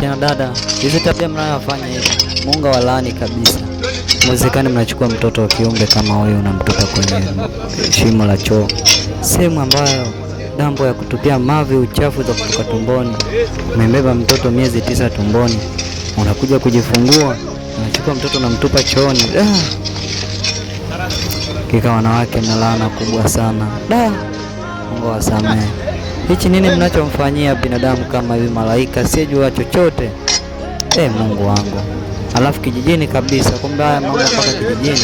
Kina dada, hizi tabia mnayofanya hivi, Mungu walani kabisa. Mwezekani mnachukua mtoto wa kiumbe kama huyo, unamtupa kwenye shimo la choo, sehemu ambayo dambo ya kutupia mavi uchafu za kutoka tumboni. umebeba mtoto miezi tisa tumboni, unakuja kujifungua, unachukua mtoto unamtupa chooni. Kika wanawake na laana kubwa sana da, Mungu awasamehe. Hichi nini mnachomfanyia binadamu kama hivi? Malaika sijua chochote. E, Mungu wangu. Alafu kijijini kabisa, kumbe haya mambo mpaka kijijini.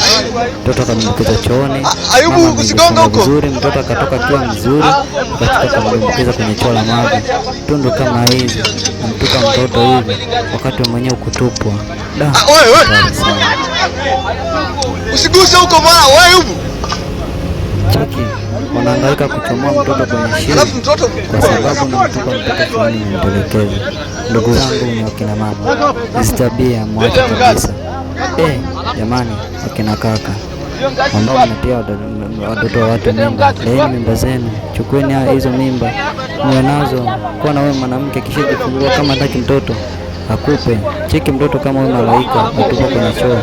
Mtoto akamdumbukiza chooni, Ayubu usigonga huko vizuri, mtoto akatoka akiwa mzuri, akatoka akamdumbukiza kwenye choo la maji. Tundu kama hizi namtuka mtoto hivi wakati mwenyewe kutupwa. Da, usiguse huko mwana wewe, Ayubu wanaangaika kuchomoa mtoto kwenye shimo kwa sababu na mtupa mtoto fulani ni Ndugu zangu ni wakina mama, hizi tabia mwache kabisa. Eh, jamani, wakina kaka ambao mnatia watoto wa watu mimba, leeni mimba zenu, chukueni hizo mimba mwe nazo. Kuwa na wewe mwanamke kishajifungulia, kama hataki mtoto akupe cheki mtoto, kama wewe malaika atupa kwenye choo.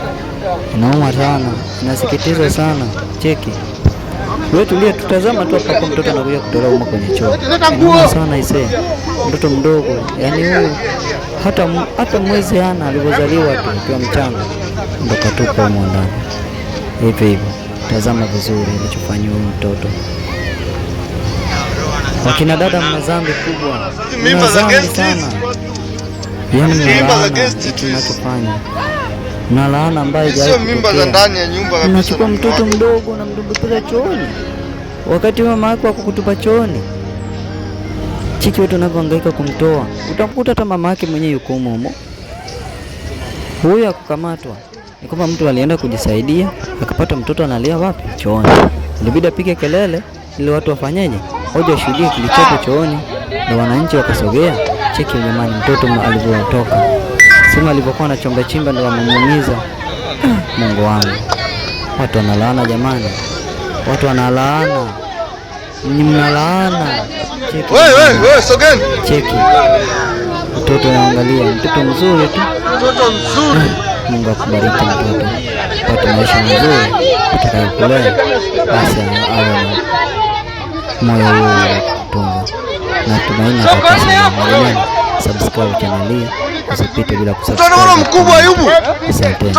Inauma sana, inasikitisha sana, cheki wewe tulia, tutazama tu hapo mtoto anakuja kutolewa huko kwenye choo. sana ise mtoto mdogo yaani huyu hata, hata mwezi hana, alivyozaliwa tu akiwa mchanga ndo katupa humo ndani hivyo hivyo. Tazama vizuri alichofanyiwa huyu mtoto. Wakina dada, mna dhambi kubwa, mna dhambi sana, yaani mnalaana kinachofanya na laana ambayo sio mimba za ndani ya nyumba kabisa. Unachukua mtoto mdogo namdumbukiza chooni, wakati mama yako akukutupa chooni. Chiki wetu unavyohangaika kumtoa, utamkuta hata mama yake mwenyewe yuko humo humo. Huyo akukamatwa ni kwamba mtu alienda kujisaidia akapata mtoto analia wapi? Chooni. Ilibidi apige kelele ili watu wafanyeje, hoja washuhudie kilichopo chooni, na wananchi wakasogea. Cheki jamani, mtoto alivyotoka sema alivyokuwa anachimba chimba ndio amemuumiza. Mungu wangu, watu wanalaana jamani, watu wanalaana, ni mnalaana. Cheki wewe wewe wewe, sogeni, cheki mtoto anaangalia, mtoto mzuri tu, mtoto mzuri. Mungu akubariki mtoto, pata maisha mazuri utakayokulea, basi awe moyo huo wa kutunza na tumaini. Subscribe channel hii usipite bila kusubscribe. Mtoto mkubwa Ayubu. Asante.